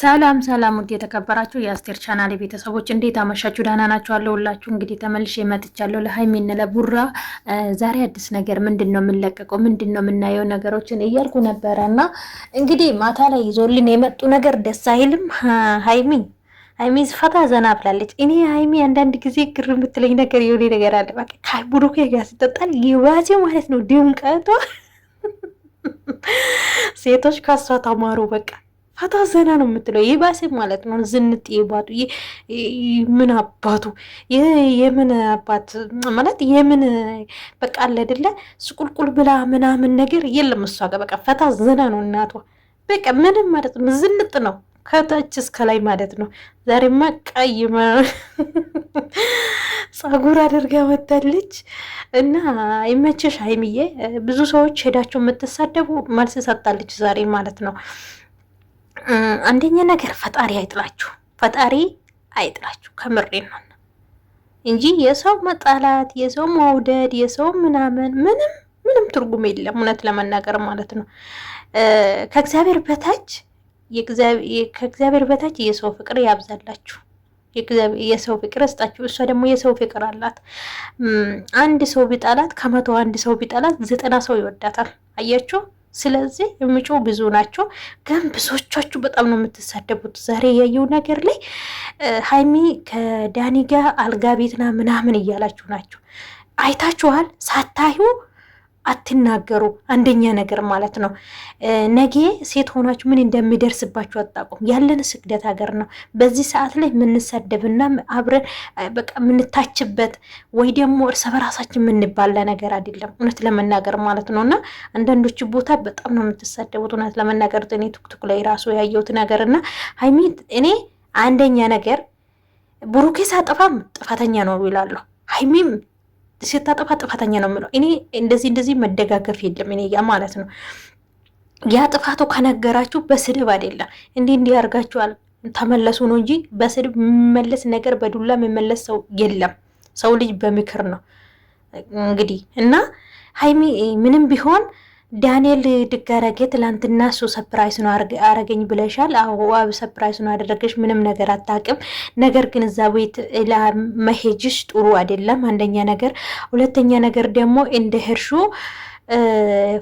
ሰላም ሰላም፣ ውድ የተከበራችሁ የአስቴር ቻናል ቤተሰቦች እንዴት አመሻችሁ? ደህና ናችሁ? አለሁላችሁ። እንግዲህ ተመልሼ መጥቻለሁ። ለሀይሚን ለቡራ ዛሬ አዲስ ነገር ምንድን ነው የምንለቀቀው? ምንድን ነው የምናየው? ነገሮችን እያልኩ ነበረ እና እንግዲህ ማታ ላይ ይዞልን የመጡ ነገር ደስ አይልም። ሀይሚ ሀይሚ ፈታ ዘና ብላለች። እኔ ሀይሚ አንዳንድ ጊዜ ግር የምትለኝ ነገር የሆነ ነገር አለ። በቃ ከብሩኬ ጋር ስጠጣል የባሴ ማለት ነው ድምቀቷ። ሴቶች ከሷ ተማሩ በቃ ፈታ ዘና ነው የምትለው። የባሴ ማለት ነው ዝንጥ የባጡ ምን አባቱ የምን አባት ማለት የምን በቃ አለ አይደለ ስቁልቁል ብላ ምናምን ነገር የለም እሷ ጋር በቃ ፈታ ዘና ነው እናቷ። በቃ ምንም ማለት ነው ዝንጥ ነው ከታች እስከ ላይ ማለት ነው። ዛሬማ ቀይ ጸጉር አድርጋ ወጣለች እና ይመችሽ ሀይሚዬ። ብዙ ሰዎች ሄዳቸው የምትሳደቡ መልስ ሰጣለች ዛሬ ማለት ነው። አንደኛ ነገር ፈጣሪ አይጥላችሁ፣ ፈጣሪ አይጥላችሁ። ከምሬ ነው እንጂ የሰው መጣላት፣ የሰው መውደድ፣ የሰው ምናምን ምንም ምንም ትርጉም የለም። እውነት ለመናገር ማለት ነው ከእግዚአብሔር በታች ከእግዚአብሔር በታች የሰው ፍቅር ያብዛላችሁ። የሰው ፍቅር እስጣችሁ። እሷ ደግሞ የሰው ፍቅር አላት። አንድ ሰው ቢጣላት ከመቶ አንድ ሰው ቢጣላት ዘጠና ሰው ይወዳታል። አያችሁ? ስለዚህ የምጩ ብዙ ናቸው፣ ግን ብዙዎቻችሁ በጣም ነው የምትሳደቡት። ዛሬ ያየው ነገር ላይ ሀይሚ ከዳኒ ጋር አልጋ ቤትና ምናምን እያላችሁ ናቸው። አይታችኋል ሳታዩ አትናገሩ። አንደኛ ነገር ማለት ነው ነገ ሴት ሆናችሁ ምን እንደሚደርስባችሁ አጣቁም። ያለን ስግደት ሀገር ነው። በዚህ ሰዓት ላይ የምንሰደብና አብረን በቃ የምንታችበት ወይ ደግሞ እርስ በራሳችን የምንባለ ነገር አይደለም፣ እውነት ለመናገር ማለት ነው። እና አንዳንዶች ቦታ በጣም ነው የምትሰደቡት፣ እውነት ለመናገር እኔ ቱክቱክ ላይ ራሱ ያየሁት ነገር እና ሀይሚ እኔ አንደኛ ነገር ብሩኬ ሳጠፋም ጥፋተኛ ነው ይላለሁ ሀይሚም ስታጠፋ ጥፋተኛ ነው የምለው እኔ። እንደዚህ እንደዚህ መደጋገፍ የለም እኔ ያ ማለት ነው። ያ ጥፋቱ ከነገራችሁ በስድብ አይደለም እንዲህ እንዲህ ያርጋችኋል ተመለሱ ነው እንጂ በስድብ የሚመለስ ነገር በዱላ የሚመለስ ሰው የለም። ሰው ልጅ በምክር ነው እንግዲህ እና ሀይሚ ምንም ቢሆን ዳንኤል ድጋረጌ ትላንትና እሱ ሰፕራይስ ነው አረገኝ ብለሻል። አዋብ ሰፕራይስ ነው አደረገሽ፣ ምንም ነገር አታውቅም። ነገር ግን እዛ ቤት መሄጅሽ ጥሩ አይደለም፣ አንደኛ ነገር። ሁለተኛ ነገር ደግሞ እንደ ሄርሹ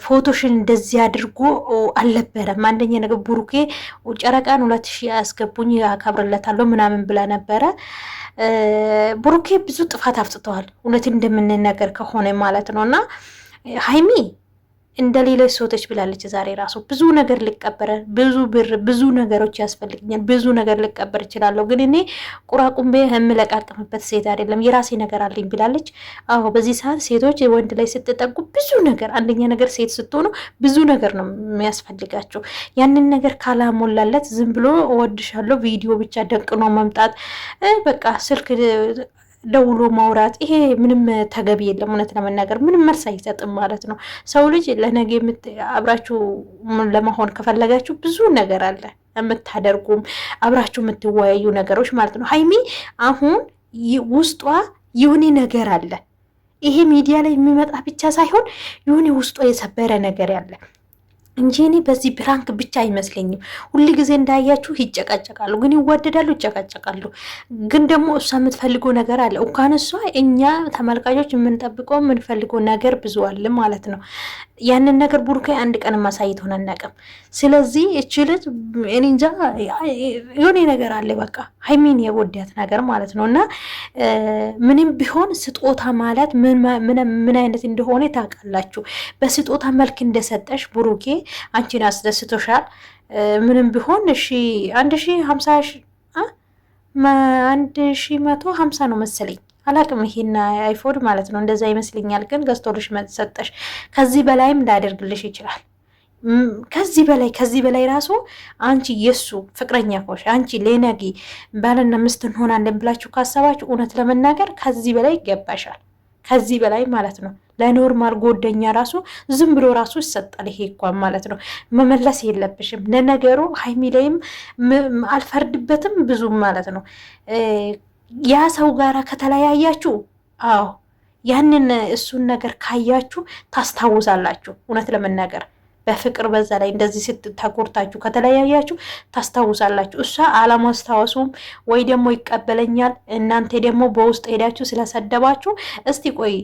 ፎቶሽን እንደዚህ አድርጎ አልነበረም። አንደኛ ነገር ቡሩኬ ጨረቃን ሁለት ሺህ አስገቡኝ አከብርለታለሁ ምናምን ብላ ነበረ። ብሩኬ ብዙ ጥፋት አፍጥተዋል፣ እውነት እንደምንነገር ከሆነ ማለት ነው እና ሀይሚ እንደ ሌሎች ሴቶች ብላለች። ዛሬ ራሱ ብዙ ነገር ልቀበረ ብዙ ብር ብዙ ነገሮች ያስፈልግኛል፣ ብዙ ነገር ልቀበር እችላለሁ፣ ግን እኔ ቁራቁምቤ የምለቃቅምበት ሴት አይደለም፣ የራሴ ነገር አለኝ ብላለች። አዎ በዚህ ሰዓት ሴቶች ወንድ ላይ ስትጠጉ ብዙ ነገር፣ አንደኛ ነገር ሴት ስትሆኑ ብዙ ነገር ነው የሚያስፈልጋቸው። ያንን ነገር ካላሞላለት ዝም ብሎ እወድሻለሁ ቪዲዮ ብቻ ደቅኖ መምጣት በቃ ስልክ ደውሎ ማውራት ይሄ ምንም ተገቢ የለም። እውነት ለመናገር ምንም መልስ አይሰጥም ማለት ነው። ሰው ልጅ ለነገ አብራችሁ ለመሆን ከፈለጋችሁ ብዙ ነገር አለ የምታደርጉም አብራችሁ የምትወያዩ ነገሮች ማለት ነው። ሀይሚ አሁን ውስጧ የሆነ ነገር አለ። ይሄ ሚዲያ ላይ የሚመጣ ብቻ ሳይሆን የሆነ ውስጧ የሰበረ ነገር ያለ እንጂ እኔ በዚህ ብራንክ ብቻ አይመስለኝም። ሁል ጊዜ እንዳያችሁ ይጨቃጨቃሉ፣ ግን ይዋደዳሉ፣ ይጨቃጨቃሉ። ግን ደግሞ እሷ የምትፈልገው ነገር አለ። እንኳን እሷ እኛ ተመልካቾች የምንጠብቀው የምንፈልገው ነገር ብዙ አለ ማለት ነው። ያንን ነገር ቡሩኬ አንድ ቀን ማሳየት ሆነ አናውቅም። ስለዚህ እች ልጅ እኔ እንጃ የሆነ ነገር አለ። በቃ ሀይሚን የወዲያት ነገር ማለት ነው። እና ምንም ቢሆን ስጦታ ማለት ምን አይነት እንደሆነ ታውቃላችሁ። በስጦታ መልክ እንደሰጠሽ ቡሩኬ አንቺን አስደስቶሻል። ምንም ቢሆን እሺ አንድ ሺ ሀምሳ አንድ ሺ መቶ ሀምሳ ነው መሰለኝ አላቅም ይሄን አይፎድ ማለት ነው እንደዛ ይመስለኛል። ግን ገዝቶልሽ መሰጠሽ ከዚህ በላይም ላደርግልሽ ይችላል። ከዚህ በላይ ከዚህ በላይ ራሱ አንቺ የሱ ፍቅረኛ ኮሽ አንቺ ሌነጊ ባልና ምስት እንሆናለን ብላችሁ ካሰባችሁ እውነት ለመናገር ከዚህ በላይ ይገባሻል። ከዚህ በላይ ማለት ነው። ለኖርማል ጎደኛ ራሱ ዝም ብሎ ራሱ ይሰጣል። ይሄ እንኳን ማለት ነው መመለስ የለብሽም። ለነገሩ ሀይሚ ላይም አልፈርድበትም ብዙም ማለት ነው። ያ ሰው ጋራ ከተለያያችሁ፣ አዎ ያንን እሱን ነገር ካያችሁ ታስታውሳላችሁ እውነት ለመናገር በፍቅር በዛ ላይ እንደዚህ ስትታጎርታችሁ ከተለያያችሁ ታስታውሳላችሁ። እሷ አለማስታወሱም ወይ ደግሞ ይቀበለኛል፣ እናንተ ደግሞ በውስጥ ሄዳችሁ ስለሰደባችሁ እስቲ ቆይ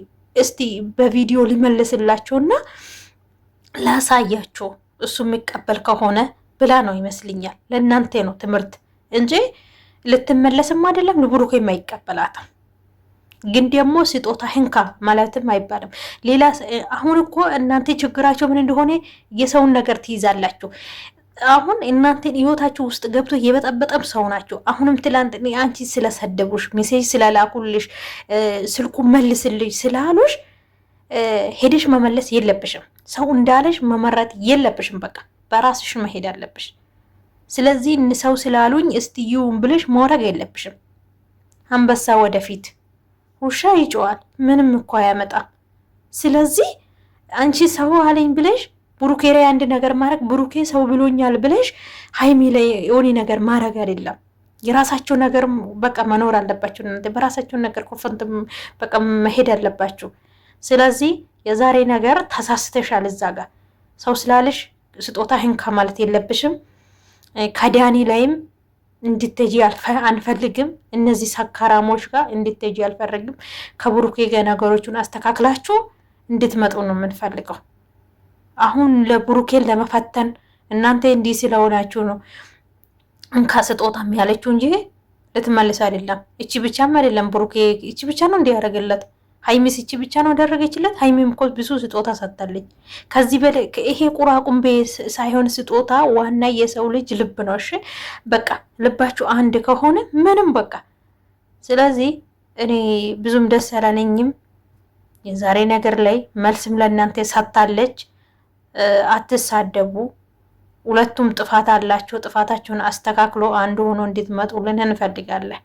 እስቲ በቪዲዮ ሊመልስላችሁና ላሳያችሁ እሱ የሚቀበል ከሆነ ብላ ነው ይመስልኛል። ለእናንተ ነው ትምህርት እንጂ ልትመለስም አይደለም። ንቡሩክ የማይቀበላትም ግን ደግሞ ስጦታ ህንካ ማለትም አይባልም። ሌላ አሁን እኮ እናንተ ችግራቸው ምን እንደሆነ የሰውን ነገር ትይዛላችሁ። አሁን እናንተን ህይወታችሁ ውስጥ ገብቶ የበጠበጠም ሰው ናቸው። አሁንም ትላንት አንቺ ስለሰደቡሽ፣ ሜሴጅ ስለላኩልሽ፣ ስልኩ መልስልሽ ስላሉሽ ሄደሽ መመለስ የለብሽም። ሰው እንዳለሽ መመረጥ የለብሽም። በቃ በራስሽ መሄድ አለብሽ። ስለዚህ ሰው ስላሉኝ እስትዩውን ብለሽ መውረግ የለብሽም። አንበሳ ወደፊት ውሻ ይጮዋል፣ ምንም እኮ አያመጣም። ስለዚህ አንቺ ሰው አለኝ ብለሽ ብሩኬ ላይ አንድ ነገር ማድረግ ብሩኬ ሰው ብሎኛል ብለሽ ሀይሚ ላይ የሆነ ነገር ማድረግ አይደለም። የራሳቸው ነገር በቃ መኖር አለባቸው። እናንተ በራሳቸውን ነገር ኮፈንት በቃ መሄድ አለባቸው። ስለዚህ የዛሬ ነገር ተሳስተሻል። እዛ ጋር ሰው ስላለሽ ስጦታ ህንካ ማለት የለብሽም። ከዳኒ ላይም እንድትጂ አንፈልግም። እነዚህ ሰካራሞች ጋር እንድትጂ አልፈልግም። ከብሩኬ ጋር ነገሮቹን አስተካክላችሁ እንድትመጡ ነው የምንፈልገው። አሁን ለብሩኬን ለመፈተን እናንተ እንዲህ ስለሆናችሁ ነው እንካ ስጦታም ያለችው እንጂ ልትመልስ አይደለም። እቺ ብቻም አይደለም ብሩኬ፣ እቺ ብቻ ነው እንዲያደርግለት ሀይሚ ስቺ ብቻ ነው ያደረገችለት። ሀይሚም እኮ ብዙ ስጦታ ሰጥታለች። ከዚህ በላይ ይሄ ቁራቁምቤ ሳይሆን ስጦታ፣ ዋና የሰው ልጅ ልብ ነው። እሺ በቃ ልባችሁ አንድ ከሆነ ምንም በቃ። ስለዚህ እኔ ብዙም ደስ ያላለኝም የዛሬ ነገር ላይ መልስም ለእናንተ ሰጥታለች። አትሳደቡ፣ ሁለቱም ጥፋት አላቸው። ጥፋታቸውን አስተካክሎ አንዱ ሆኖ እንድትመጡልን እንፈልጋለን።